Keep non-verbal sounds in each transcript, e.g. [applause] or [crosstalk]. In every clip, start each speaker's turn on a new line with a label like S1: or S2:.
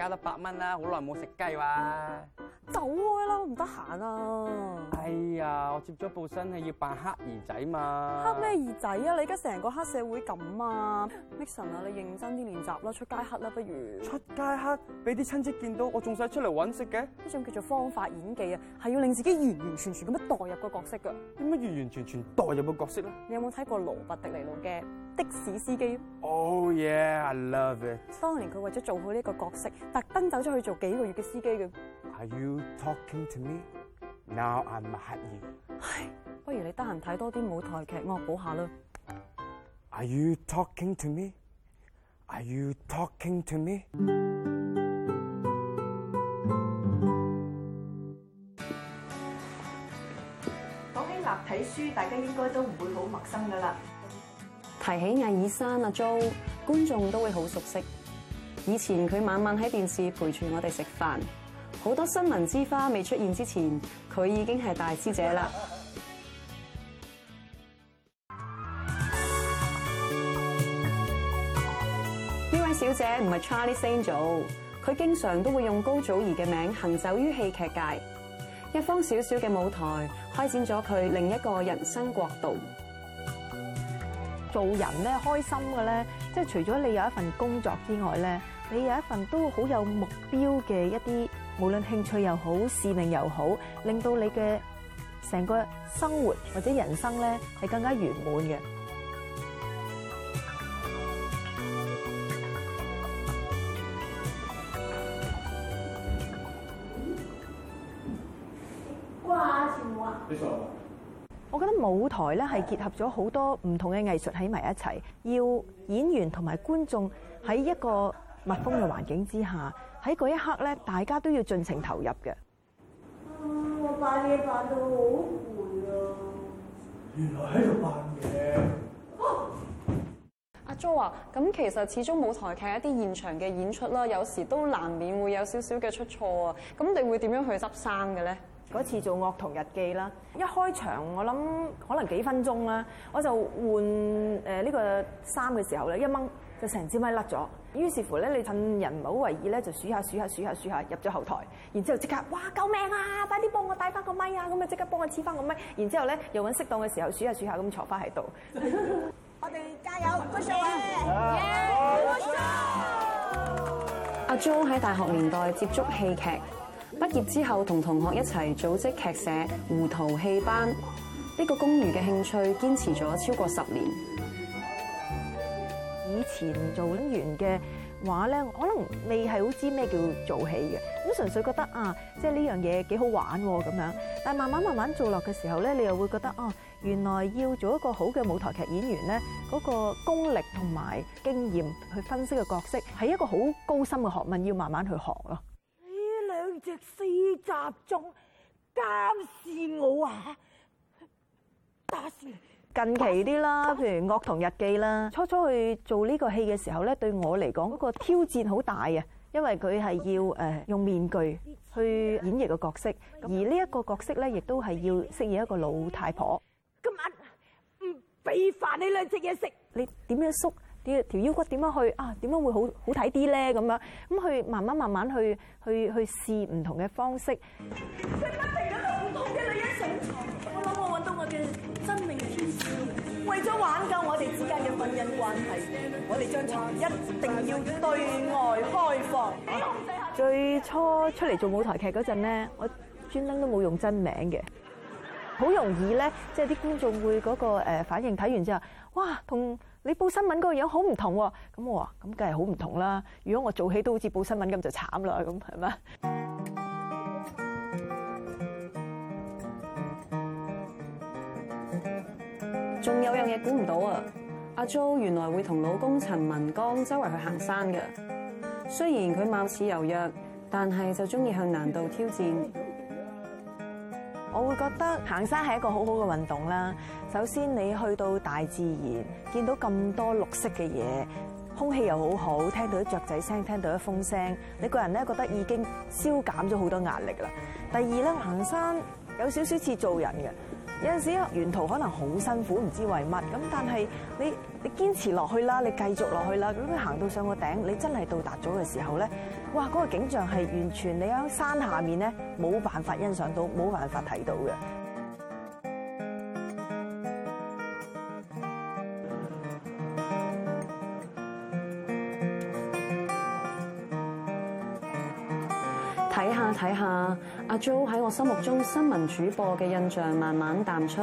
S1: 加多百蚊啦，啊，好耐冇食雞哇！
S2: 走開啦，唔得閒啊！
S1: 啊！我接咗部新戲要扮黑兒仔嘛？黑咩兒
S2: 仔啊？你而家成個黑社會咁啊！Mixon 啊，Mix on，你認真啲練習啦，出街黑啦不如。出街黑俾啲親戚見到，我仲使出嚟揾食嘅？呢種叫做方法演技啊，係要令自己完完全全咁樣代入個角色噶。
S1: 點解完完全全代入個角色咧？
S2: 你有冇睇過羅伯迪尼魯嘅的士司機
S1: ？Oh yeah, I love it。
S2: 當年佢為咗做好呢個角色，特登走咗去做幾個月嘅司機嘅。
S1: Are you talking to me？Now I'm h a n e y
S2: 不如你得閒睇多啲舞台劇，惡補下啦。
S1: Are you talking to me? Are you talking to me? 講
S3: 起立體書，大家應該都唔會好陌生噶
S2: 啦。提起艾爾山啊，Jo 觀眾都會好熟悉。以前佢晚晚喺電視陪住我哋食飯，好多新聞之花未出現之前。佢已經係大師姐啦！呢位小姐唔係 Charlie Sanzu，佢經常都會用高祖兒嘅名行走於戲劇界，一方小小嘅舞台，開展咗佢另一個人生國度。做人咧，開心嘅咧，即係除咗你有一份工作之外咧。你有一份都
S3: 好有目標嘅一啲，無論興趣又好，使命又好，令到你嘅成個生活或者人生咧係更加圓滿嘅，
S4: 掛我啊！
S3: 我覺得舞台咧係結合咗好多唔同嘅藝術喺埋一齊，要演員同埋觀眾喺一個。密封嘅環境之下，喺嗰一刻咧，大家都要盡情投入嘅、啊。我扮嘢
S4: 扮到好攰啊！原來喺度扮嘢。
S2: 阿 jo 啊，咁、啊、其實始終舞台劇一啲現場嘅演出啦，有時都難免會有少少嘅出錯啊。咁你會點樣去執生嘅咧？嗰次做《惡童日記》啦，一開場我諗可能幾分鐘啦，我就換
S3: 誒呢個衫嘅時候咧，一掹，就成支咪甩咗，於是乎咧，你趁人唔好為意咧，就鼠下鼠下鼠下鼠下入咗後台，然之後即刻哇救命啊！快啲幫我戴翻個咪啊！咁啊即刻幫我黐翻個咪。然之後咧，又搵適當嘅時候鼠下鼠下咁坐翻喺度。 [laughs]
S5: 我哋加油，唔該曬。
S2: 阿張喺大學年代接觸戲劇，畢業之後同同學一齊組織劇社胡桃戲班，呢個公餘嘅興趣堅持咗超過十年。以前做演員嘅話咧，可能未係好
S3: 知咩叫做戲嘅，咁純粹覺得啊，即係呢樣嘢幾好玩咁樣。但係慢慢慢慢做落嘅時候咧，你又會覺得哦，原來要做一個好嘅舞台劇演員咧，嗰個功力同埋經驗去分析嘅角色，係一個好高深嘅學問，要慢慢去學咯。
S5: 呢兩隻四集中監視
S3: 我啊！打死你！近期啲啦，譬如《惡童日記》啦。初初去做呢個戲嘅時候咧，對我嚟講嗰個挑戰好大啊，因為佢係要誒用面具去演繹個角色，而呢一個角色咧，亦都係要飾演一個老太婆。今晚唔俾飯你兩隻嘢食，你點樣縮啲條腰骨？點樣去啊？點樣會好好睇啲咧？咁樣咁去慢慢慢慢去去去試唔同嘅方式。
S4: 為
S3: 咗挽救我哋之間嘅婚姻關係，我哋張床一定要對外開放。啊啊、最初出嚟做舞台劇嗰陣咧，我專登都冇用真名嘅，好容易咧，即係啲觀眾會嗰個反應，睇完之後，哇，同你報新聞嗰個樣好唔同喎。啊，咁我話，咁梗係好唔同啦，如果我做戲都好似報新聞咁就慘啦，咁係咪？
S5: 仲有樣嘢估唔到啊！
S2: 阿 Jo 原來會同老公陳文剛周圍去行山嘅。雖然佢貌似柔弱，但係就中意向難度挑戰。我
S3: 會覺得行山係一個好好嘅運動啦。首先，你去到大自然，見到咁多綠色嘅嘢，空氣又好好，聽到啲雀仔聲，聽到啲風聲，你個人咧覺得已經消減咗好多壓力啦。第二咧，行山有少少似做人嘅。有陣時沿途可能好辛苦，唔知為乜咁。但係你你堅持落去啦，你繼續落去啦，咁佢行到上個頂，你真係到達咗嘅時候咧，哇！嗰個景象係完全你喺山下面咧冇辦法欣賞到，冇辦法睇到嘅。
S2: 就喺我心目中新聞主播嘅印象慢慢淡出，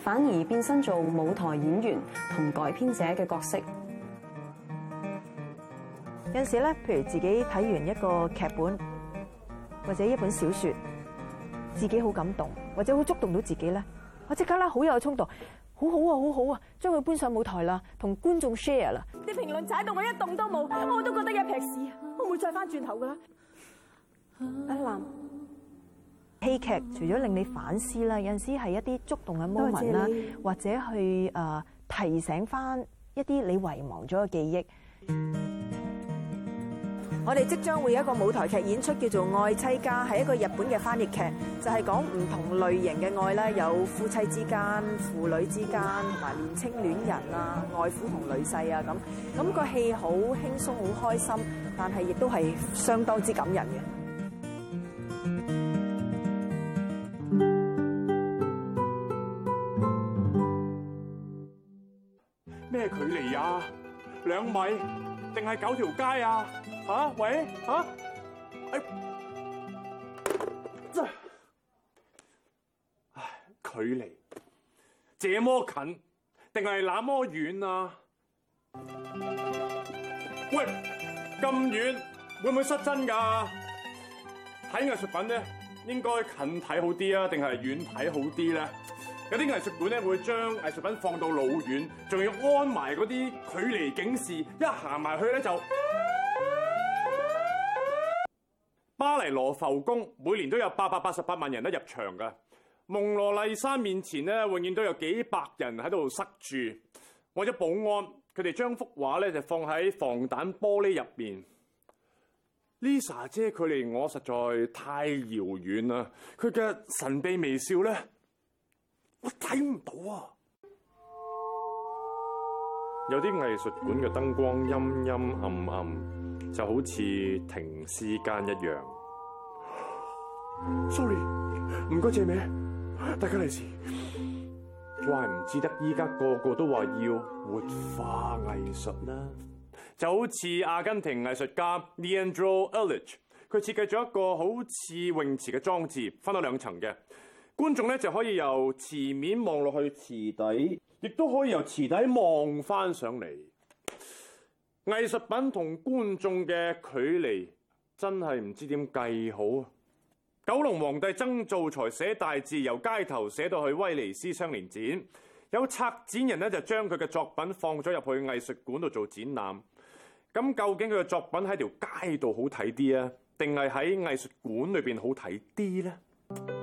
S2: 反而變身做舞台演員同改編者嘅角色。有陣時咧，譬如自己睇完
S3: 一個劇本或者一本小說，自己好感動或者會觸動到自己咧，我即刻咧好有衝動，好好啊，好好啊，將佢搬上舞台啦，同觀眾 share 啦。
S5: 啲評論踩到我一動都冇，我都覺得一劈屎，我唔會再翻轉
S3: 頭噶啦。阿林戲劇除咗令你反思啦，有陣時係一啲觸動嘅 moment 啦，或者去誒提醒翻一啲你遺忘咗嘅記憶。我哋即將會有一個舞台劇演出，叫做《愛妻家》，係一個日本嘅翻譯劇，就係講唔同類型嘅愛啦，有夫妻之間、父女之間同埋年青戀人啊、外父同女婿啊咁。咁個戲好輕鬆、好開心，但係亦都係相當之感人嘅。
S4: 咩距離啊？兩米定係九條街啊？嚇、啊、喂嚇、啊！唉，距離這麼近定係那麼遠啊？喂，咁遠會唔會失真㗎、啊？睇藝術品咧，應該近睇好啲啊，定係遠睇好啲咧？有啲藝術館咧會將藝術品放到老遠，仲要安埋嗰啲距離警示，一行埋去咧就。巴黎羅浮宮每年都有八百八十八萬人咧入場嘅，蒙羅麗莎面前咧永遠都有幾百人喺度塞住，為咗保安，佢哋將幅畫咧就放喺防彈玻璃入面。Lisa 姐距離我實在太遙遠啦，佢嘅神秘微笑咧。我睇唔到啊！有啲藝術館嘅燈光陰陰暗暗，就好似停屍間一樣。Sorry，唔該借位，大家利是。怪唔知得依家個個都話要活化藝術啦，就好似阿根廷藝術家 Leandro Erlich 佢設計咗一個好似泳池嘅裝置，分到兩層嘅。觀眾咧就可以由池面望落去池底，亦都可以由池底望翻上嚟。藝術品同觀眾嘅距離真係唔知點計好。九龍皇帝曾灶財寫大字，由街頭寫到去威尼斯雙年展。有策展人咧就將佢嘅作品放咗入去藝術館度做展覽。咁究竟佢嘅作品喺條街度好睇啲啊，定係喺藝術館裏邊好睇啲呢？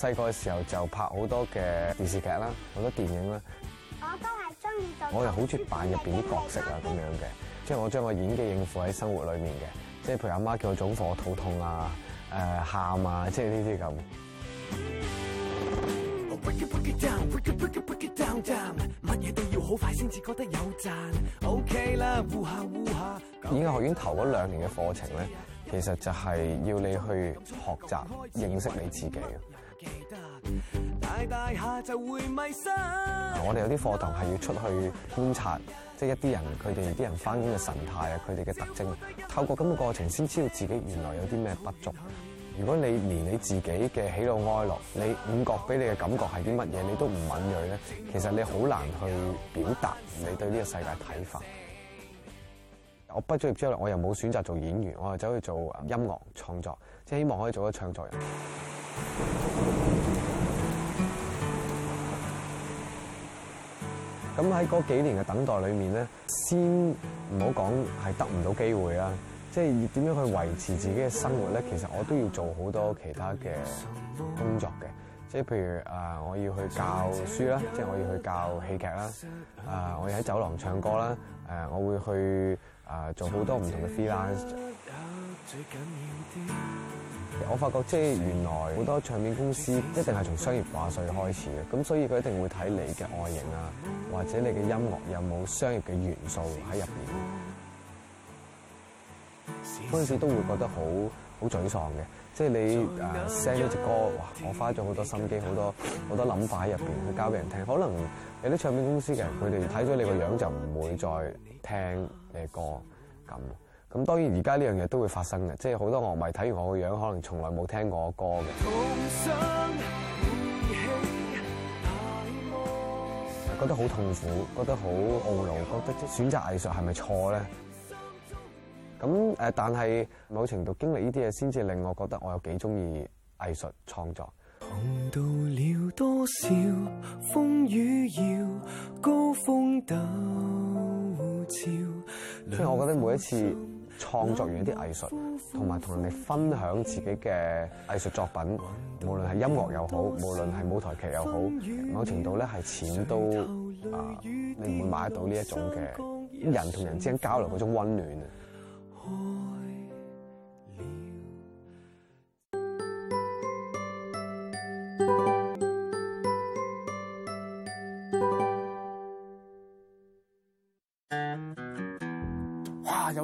S1: 細個嘅時候就拍好多嘅電視劇啦，好多電影啦。我都係中意做。我又好中意扮入面啲角色啊，咁樣嘅，即係我將個演技應付喺生活裏面嘅，即係譬如阿媽，媽叫我早課肚痛啊，誒、呃、喊啊，即係呢啲咁。演藝學院頭嗰兩年嘅課程咧，其實就係要你去學習認識你自己。大大下就會迷失。 [music] 我哋有啲課堂係要出去觀察，即係一啲人，佢哋啲人翻工，嘅神態啊，佢哋嘅特徵，透過咁嘅過程，先知道自己原來有啲咩不足。如果你連你自己嘅喜怒哀樂，你五覺俾你嘅感覺係啲乜嘢，你都唔敏銳咧，其實你好難去表達你對呢個世界嘅睇法。我畢咗業之後，我又冇選擇做演員，我又走去做音樂創作，即係希望可以做一唱作人。咁喺嗰幾年嘅等待裏面咧，先唔好講係得唔到機會啦，即係點樣去維持自己嘅生活咧？其實我都要做好多其他嘅工作嘅，即係譬如啊，我要去教書啦，即係我要去教戲劇啦，啊，我要喺酒廊唱歌啦，誒，我會去啊，做好多唔同嘅 freelance。我發覺即係原來好多唱片公司一定係從商業化上開始嘅，咁所以佢一定會睇你嘅外形啊，或者你嘅音樂有冇商業嘅元素喺入邊。嗰陣時都會覺得好好沮喪嘅，即係你誒 send 一隻歌，哇！我花咗好多心機，好多好多諗法喺入邊去交俾人聽，可能有啲唱片公司嘅人佢哋睇咗你個樣就唔會再聽你嘅歌咁。咁當然而家呢樣嘢都會發生嘅，即係好多樂迷睇完我個樣，可能從來冇聽過我歌嘅，覺得好痛苦，覺得好懊惱，覺得選擇藝術係咪錯咧？咁誒，但係某程度經歷呢啲嘢，先至令我覺得我有幾中意藝術創作。同到了多少風雨，要高峰鬥潮。所以我覺得每一次。創作完一啲藝術，同埋同人哋分享自己嘅藝術作品，無論係音樂又好，無論係舞台劇又好，某程度咧係錢都啊，你唔會買得到呢一種嘅人同人之間交流嗰種溫暖啊。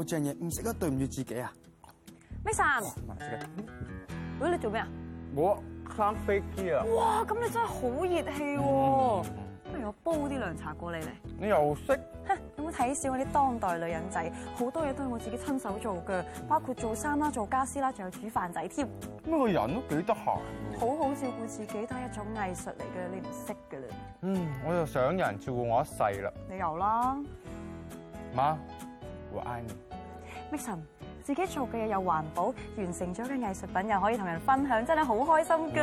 S1: 正嘢唔食得，對唔住自己啊！
S2: 咩衫生？餵、
S1: 嗯哎、
S2: 你做咩啊？
S4: 我穿飛啊！哇、
S2: 嗯！咁你真係好熱氣喎！不如我煲啲涼茶過你嚟，
S4: 你又識？
S2: 有冇睇小我啲當代女人仔？好多嘢都係我自己親手做嘅，包括做衫啦、做家私啦，仲有煮飯仔添。
S4: 咁個人都幾得閒喎！好
S2: 好照顧自己都係一種藝術嚟嘅，你唔識嘅啦。嗯，
S4: 我就想有人照顧我一世啦。你有啦，媽，我愛你。
S2: Mike 陳自己做嘅嘢又環保，完成咗嘅藝術品又可以同人分享，真係好開心噶。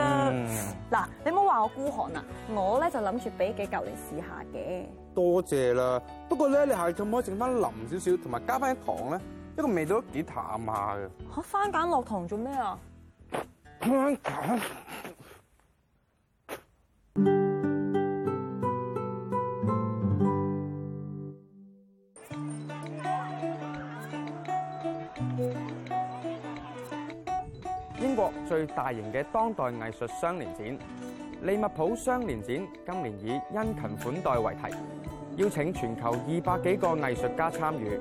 S2: 嗱、嗯，你唔好話我孤寒啊，我咧就諗住俾幾嚿嚟試下嘅。
S1: 多謝啦，不過咧你下次可唔可以整翻淋，少少，同埋加翻啲糖咧，一個味道都幾淡下嘅。
S2: 吓、啊，番梘落糖做咩
S1: 啊？茄 [laughs] 最大型嘅當代藝術雙年展——利物浦雙年展，今年以“殷勤款待”為題，邀請全球二百幾個藝術家參與。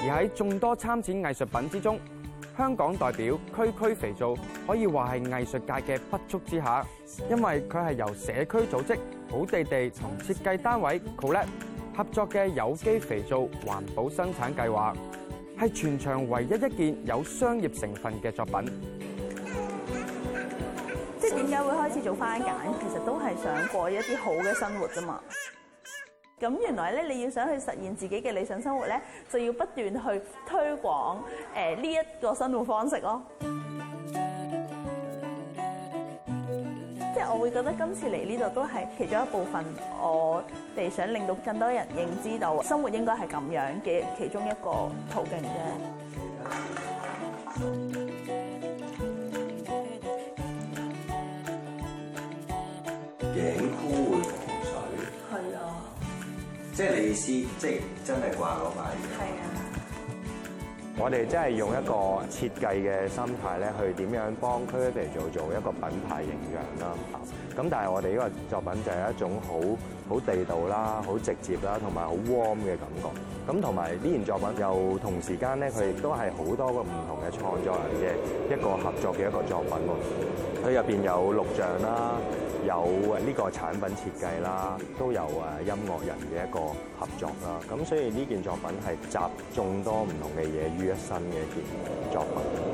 S1: 而喺眾多參展藝術品之中，香港代表區區肥皂可以話係藝術界嘅不足之下，因為佢係由社區組織好地地同設計單位 collect。合作嘅有機肥皂環保生產計劃係全場唯一一件有商業成分嘅作品。
S5: 即點解會開始做番梘？其實都係想過一啲好嘅生活啫嘛。咁原來咧，你要想去實現自己嘅理想生活咧，就要不斷去推廣誒呢一個生活方式咯。我會覺得今次嚟呢度都係其中一部分，我哋想令到更多人認知到生活應該係咁樣嘅其中一個途徑嘅。
S3: 頸箍會防
S1: 水，係啊，即係你意思，即係真係掛個牌嘅，係啊。我哋真係用一個設計嘅心態咧，去點樣幫佢哋做做一個品牌形象啦。咁但係我哋呢個作品就係一種好好地道啦、好直接啦，同埋好 warm 嘅感覺。咁同埋呢件作品又同時間咧，佢亦都係好多個唔同嘅創作人嘅一個合作嘅一個作品喎。佢入邊有錄像啦。有呢個產品設計啦，都有誒音樂人嘅一個合作啦，咁所以呢件作品係集眾多唔同嘅嘢於一身嘅一件作品。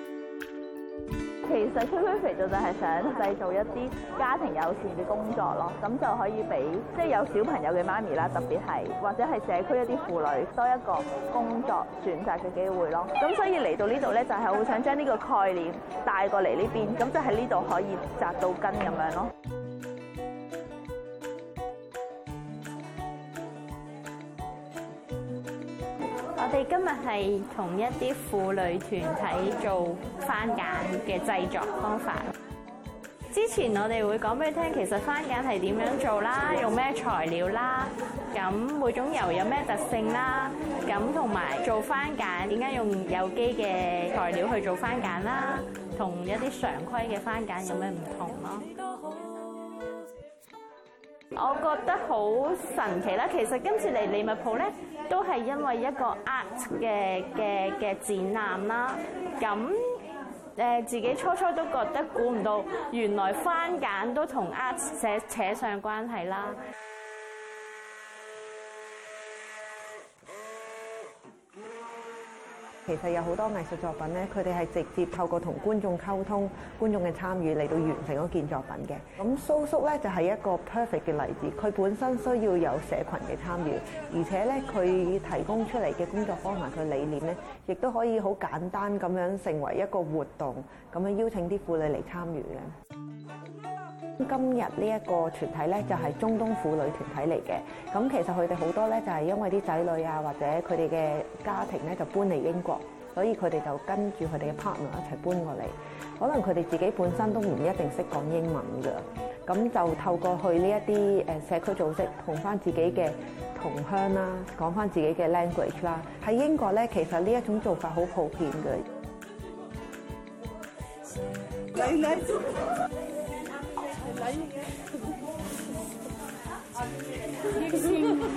S5: 其實區區肥就就係想製造一啲家庭友善嘅工作咯，咁就可以俾即係有小朋友嘅媽咪啦，特別係或者係社區一啲婦女多一個工作選擇嘅機會咯。咁所以嚟到呢度咧，就係好想將呢個概念帶過嚟呢邊，咁就喺呢度可以紮到根咁樣咯。我哋今日係同一啲婦女團體做番梘嘅製作方法。之前我哋會講俾你聽，其實番梘係點樣做啦，用咩材料啦，咁每種油有咩特性啦，咁同埋做番梘點解用有機嘅材料去做番梘啦，同一啲常規嘅番梘有咩唔同咯。我覺得好神奇啦！其實今次嚟利物浦咧，都係因為一個 art 嘅嘅嘅展覽啦。咁誒、呃，自己初初都覺得估唔到，原來番簡都同 art 扯扯上關係啦。
S3: 其實有好多藝術作品咧，佢哋係直接透過同觀眾溝通，觀眾嘅參與嚟到完成嗰件作品嘅。咁蘇叔咧就係一個 perfect 嘅例子，佢本身需要有社群嘅參與，而且咧佢提供出嚟嘅工作方法佢理念咧，亦都可以好簡單咁樣成為一個活動，咁樣邀請啲婦女嚟參與嘅。今日呢一個團體咧，就係中東婦女團體嚟嘅。咁其實佢哋好多咧，就係因為啲仔女啊，或者佢哋嘅家庭咧，就搬嚟英國，所以佢哋就跟住佢哋嘅 partner 一齊搬過嚟。可能佢哋自己本身都唔一定識講英文㗎。咁就透過去呢一啲誒社區組織，同翻自己嘅同鄉啦，講翻自己嘅 language 啦。喺英國咧，其實呢一種做法好普遍嘅。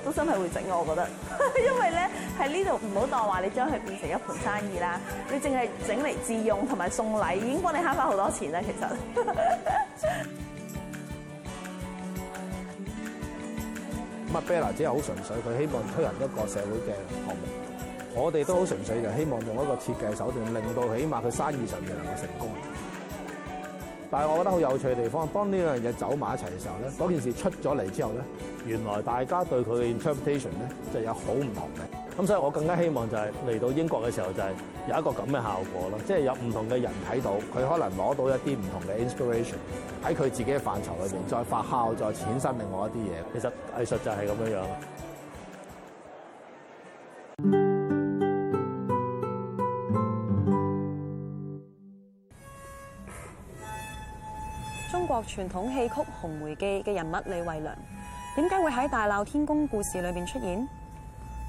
S5: 都真係會整我覺得，因為咧喺呢度唔好當話你將佢變成一盤生意啦，你淨係整嚟自用同埋送禮已經幫你慳翻好多錢啦，其實。咁
S1: 啊，Bella 只係好純粹，佢希望推行一個社會嘅項目。我哋都好純粹就希望用一個設計手段，令到起碼佢生意上面能夠成功。
S4: 但係我覺得好有趣嘅地方，當呢樣嘢走埋一齊嘅時候咧，嗰件事出咗嚟之後咧，原來大家對佢嘅 interpretation 咧就有好唔同嘅。咁所以我更加希望就係嚟到英國嘅時候就係有一個咁嘅效果咯，即係有唔同嘅人睇到，佢可能攞到一啲唔同嘅 inspiration，喺佢自己嘅範疇裏邊再發酵，再產生另外一啲嘢。其實藝術就係咁樣樣。
S2: 傳統戲曲《紅梅記》嘅人物李慧娘，點解會喺《大鬧天宮》故事裏邊出現？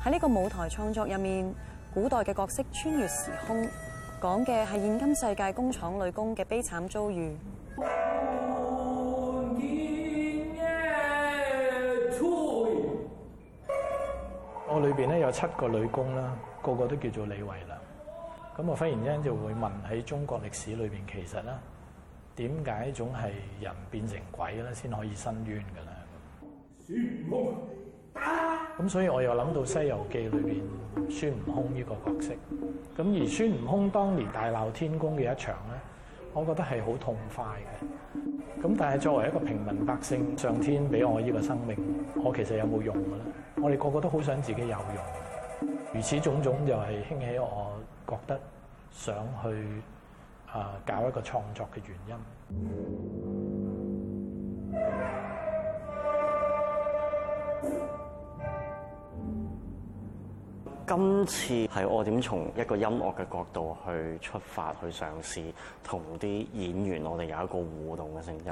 S2: 喺呢個舞台創作入面，古代嘅角色穿越時空，講嘅係現今世界工廠女工嘅悲慘遭遇。
S1: 我裏邊咧有七個女工啦，個個都叫做李慧娘。咁我忽然間就會問，喺中國歷史裏邊，其實啦。點解總係人變成鬼咧，先可以伸冤嘅咧？
S4: 孫悟空咁，所以我又諗到《西遊記》裏邊
S1: 孫悟空呢個角色。咁而孫悟空當年大鬧天宮嘅一場咧，我覺得係好痛快嘅。咁但係作為一個平民百姓，上天俾我呢個生命，我其實有冇用嘅咧？我哋個個都好想自己有用的。如此種種又係興起我覺得想去。啊！搞一個創作嘅原因。今次係我點從一個音樂嘅角度去出發去嘗試，同啲演員我哋有一個互動嘅聲音，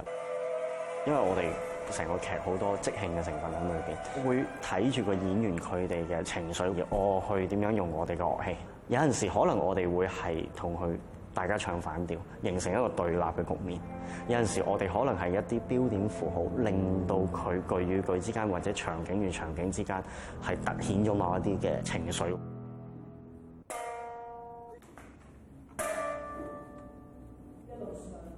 S1: 因為我哋成個劇好多即興嘅成分喺裏邊，會睇住個演員佢哋嘅情緒，我去點樣用我哋嘅樂器。有陣時可能我哋會係同佢。大家唱反調，形成一個對立嘅局面。有陣時，我哋可能係一啲標點符號，令到佢句與句之間，或者場景與場景之間，係突顯咗某一啲嘅情緒。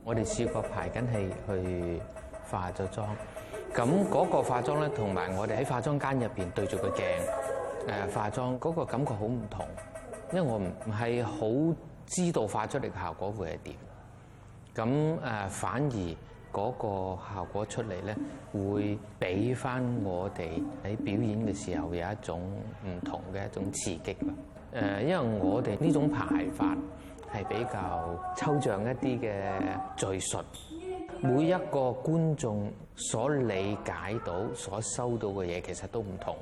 S1: 我哋試過排緊戲去化咗妝，咁嗰個化妝咧，同埋我哋喺化妝間入邊對住個鏡誒化妝嗰個感覺好唔同，因為我唔係好。知道化出嚟嘅效果會係點，咁誒，反而嗰個效果出嚟咧，會俾翻我哋喺表演嘅時候有一種唔同嘅一種刺激啦。誒，因為我哋呢種排法係比較抽象一啲嘅敘述，每一個觀眾所理解到、所收到嘅嘢其實都唔同。